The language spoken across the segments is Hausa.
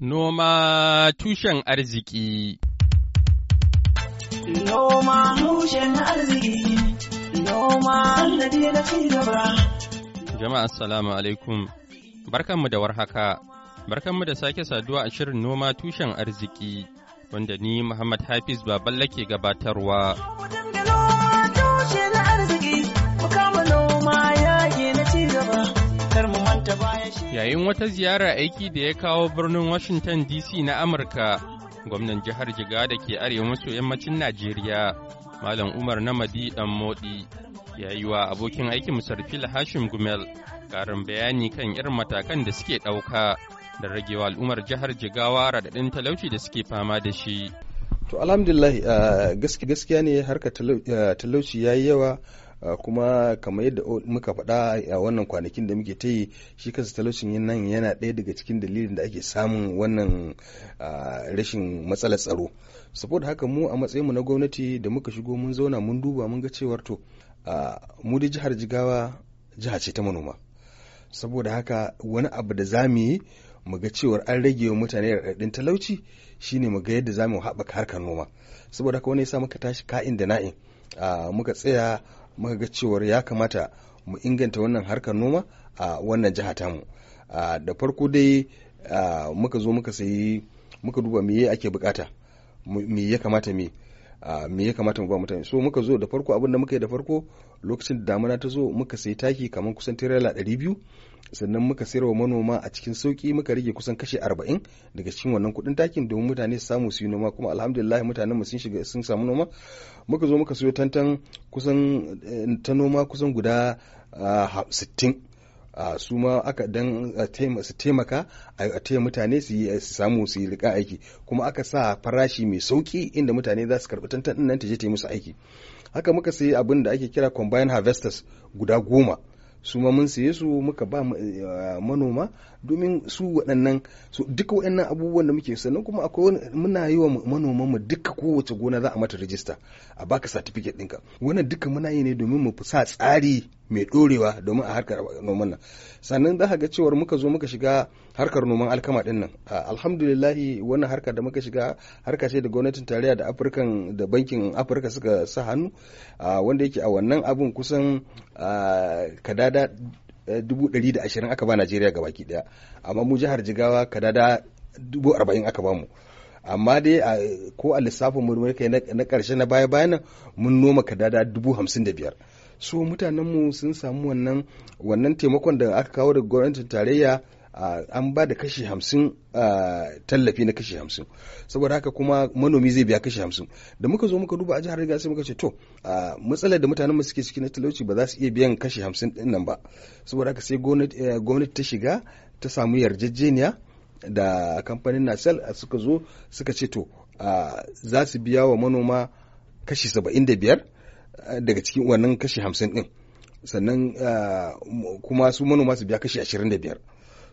Noma tushen arziki Noma Jama'a assalamu alaikum Barkanmu da warhaka Barkanmu da sake saduwa a shirin noma tushen arziki wanda ni Muhammad Hafiz Baballa ke gabatarwa. Yayin wata ziyara aiki da ya kawo birnin Washington DC na Amurka, gwamnan jihar Jigawa da ke arewa maso yammacin Najeriya, Malam Umar Namadi Dan Modi, ya yi wa abokin aikin Musarfil Hashim Gumel karin bayani kan irin matakan da suke ɗauka da ragewa al'ummar jihar Jigawa raɗaɗin talauci da suke fama da shi. To alhamdulillah ah, gaskiya ne harkar ah, talauci ya yi yawa Ah, kuma kamar yadda muka faɗa a wannan kwanakin da muke ta yi shi kansa talaucin yin nan yana ɗaya daga cikin dalilin da ake samun wannan ah, rashin matsalar tsaro saboda haka mu a matsayinmu na gwamnati da muka shigo mun zauna mun duba mun ga cewar to ah, mu da jihar jigawa jiha ce ta manoma saboda haka wani abu da za mu yi mu ga cewar an rage wa mutane raɗaɗin talauci shine mu ga yadda za mu haɓaka harkar noma saboda haka wani ya sa muka tashi ka'in da na'in muka tsaya muka ga cewar ya kamata mu inganta wannan harkar noma a wannan jiha tamu da farko dai muka zo muka sayi muka duba me ake bukata me ya kamata me me ya kamata mu ba mutane so muka zo da farko abin da muka yi da farko lokacin da damana ta zo muka sai taki kamar kusan tirela ɗari biyu sannan muka sayar wa manoma a cikin sauki muka rage kusan kashe arba'in daga cikin wannan kuɗin takin domin mutane su samu su yi noma kuma alhamdulillah mutanen mu sun shiga sun samu noma muka zo muka siyo tantan kusan eh, ta noma kusan guda ah, sittin a su ma aka dan su taimaka a taya mutane su samu su yi rika aiki kuma aka sa farashi mai sauki inda mutane za su karɓi tantan nan ta je ta yi musu aiki haka muka sayi abin da ake kira combine harvesters guda goma su ma mun saye su muka ba manoma domin su waɗannan su duka waɗannan abubuwan da muke sannan kuma akwai muna yi wa manoman mu duka kowace gona za a mata rijista a baka certificate ɗinka wannan duka muna yi ne domin mu sa tsari mai dorewa domin a harkar noman nan sannan za ga cewar muka zo muka shiga harkar noman alkama din nan alhamdulillahi wannan harkar da muka shiga harka ce da gwamnatin tarayya da afirkan da bankin afirka suka sa hannu wanda yake a wannan abun kusan kadada eh, dubu ɗari da ashirin aka ba najeriya gabaki daya amma mu jihar jigawa kadada dubu arba'in aka ba mu amma dai ko a lissafin mu na karshe na baya bayan mun noma kadada dubu hamsin da biyar mutanen mutanenmu sun samu wannan wannan taimakon da aka kawo daga gwamnatin tarayya an ba da kashi hamsin tallafi na kashi hamsin saboda haka kuma manomi zai biya kashi hamsin da muka zo muka duba a jihar riga sai muka ce to matsalar da mutanen mu suke ciki na talauci ba za su iya biyan kashi hamsin din nan ba saboda haka sai eh, gwamnati ta shiga ta samu yarjejeniya da kamfanin nasal suka zo suka ce to za su biya wa manoma kashi saba'in da biyar daga cikin wannan kashi hamsin din sannan ah, kuma su manoma su biya kashi ashirin da biyar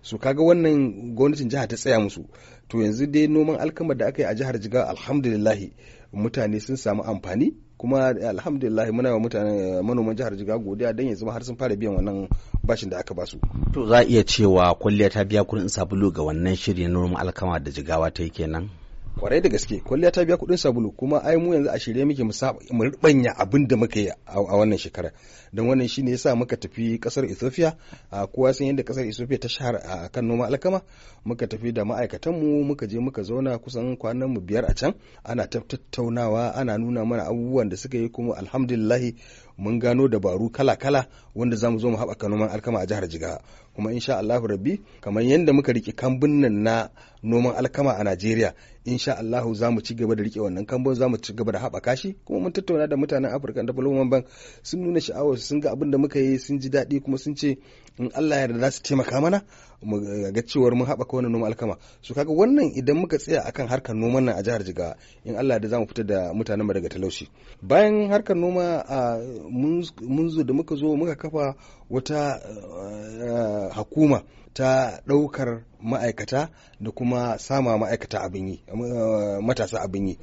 su kaga wannan gwamnatin jihar ta tsaya musu to yanzu dai noman alkama da aka yi a jihar Jigawa alhamdulillah mutane sun samu amfani kuma alhamdulillah muna wa mutane manoman jihar jiga godiya dan yanzu har sun fara biyan wannan bashin da aka ba su to za a iya cewa kwalliya ta biya kudin sabulu ga wannan shirin na noman alkama da jigawa ta yi kenan kwarai da gaske kwalliya ta biya kuɗin sabulu kuma ai mu yanzu a shirye muke mu rubanya abin da muka yi a wannan shekara don wannan shine yasa muka tafi kasar Ethiopia a kowa san yadda kasar Ethiopia ta shahar a kan noma alkama muka tafi da ma'aikatan mu muka je muka zauna kusan kwanan mu biyar a can ana tattaunawa ana nuna mana abubuwan da suka yi kuma alhamdulillahi mun gano dabaru kala-kala wanda za mu zo mu haɓaka noman alkama a jihar jigawa kuma insha Allah rabbi kamar yadda muka rike kambun nan na noman alkama a najeriya insha Allah za mu ci gaba da rike wannan kambun za mu ci gaba da haɓaka shi kuma mun tattauna da mutanen afirka development bank sun nuna sha'awar sun ga abin da muka yi sun ji daɗi kuma sun ce in Allah ya za su taimaka mana mu ga cewar mun haɓaka wannan noma alkama su kaga wannan idan muka tsaya akan harkar noman nan a jihar Jigawa in Allah da mu fitar da mutanen mu daga talauci bayan harkar noma mun zo da muka zo muka kafa wata hakuma eh, ta ɗaukar ma'aikata da kuma sama ma'aikata abin yi eh, matasa abin yi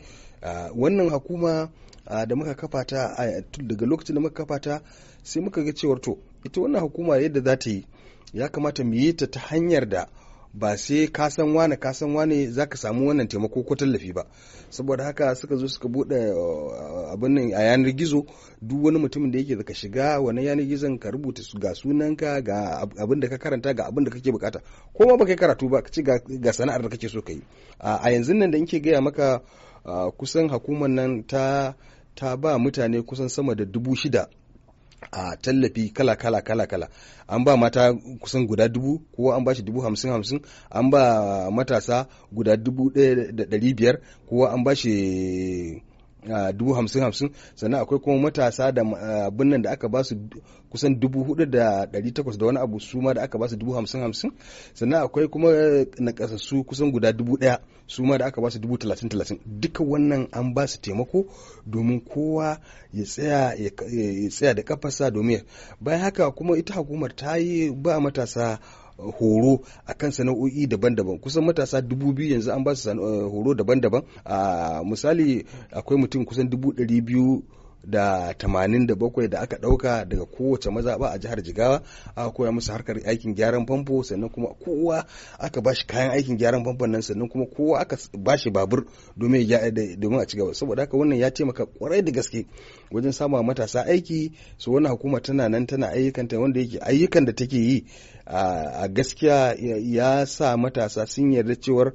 wannan hakuma da muka kafa ta daga lokacin da muka kafa ta sai muka ga cewar to ita wannan hukuma yadda za ta yi ya kamata mu yi ta ta hanyar da ba sai ka san wane ka san wane za ka samu wannan taimako ko tallafi ba saboda haka suka zo suka bude uh, abin nan a yanar gizo duk wani mutumin da yake ka shiga wani yanar gizon ka rubuta ga sunanka ga abin da ka karanta ga abin da kake bukata ko ma baka karatu ba ci ga sana'ar da kake so ka yi a yanzu nan da nke gaya maka uh, kusan hukumar nan ta ta ba mutane kusan sama da dubu shida a tallafi kala kala kala kala an ba mata kusan guda dubu kowa an ba shi dubu hamsin hamsin an ba matasa guda dubu ɗaya da ɗari biyar kowa an ba shi dubu hamsin hamsin sannan akwai kuma matasa da abin nan da aka ba su kusan dubu hudu da dari takwas da wani abu su ma da aka ba su dubu hamsin hamsin sannan akwai kuma e, na su kusan guda dubu daya su ma da aka ba su dubu talatin talatin duka wannan an ba su taimako domin kowa ya tsaya ya tsaya da kafarsa domin bayan haka kuma ita hukumar ta yi ba matasa horo akan sana'o'i daban-daban kusan matasa dubu biyu yanzu an ba su eh, horo daban-daban a ah, misali akwai mutum kusan dubu ɗari biyu da tamanin da bakwai da aka ɗauka daga kowace mazaba a jihar jigawa aka koya musu harkar aikin gyaran famfo sannan kuma kowa aka ba kayan aikin gyaran famfon nan sannan kuma kowa aka ba shi babur domin a cigaba saboda haka wannan ya taimaka kwarai da gaske wajen samun matasa aiki su wannan hukuma tana nan tana ayyukanta wanda yake ayyukan da take yi a gaskiya ya sa matasa sun yarda cewar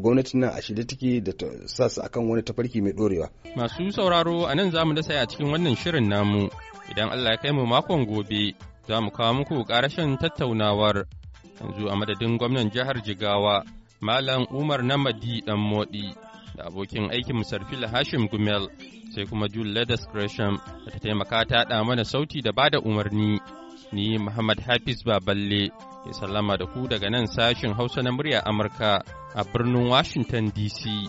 gwamnatin nan a shida take da sa su akan wani tafarki mai dorewa masu sauraro a nan zamu dasa a cikin wannan shirin namu, idan Allah ya kai mu makon gobe za mu kawo muku ƙarashen tattaunawar. Yanzu a madadin gwamnan jihar Jigawa, Malam Umar Namadi Dan Modi, da abokin aikin Sarfil Hashim Gumel, sai kuma Jule Ledes da taimaka ta ɗa mana sauti da bada umarni. Ni Muhammad Hafiz Baballe, ke sallama da ku daga nan sashin Hausa na murya Amurka a birnin Washington DC.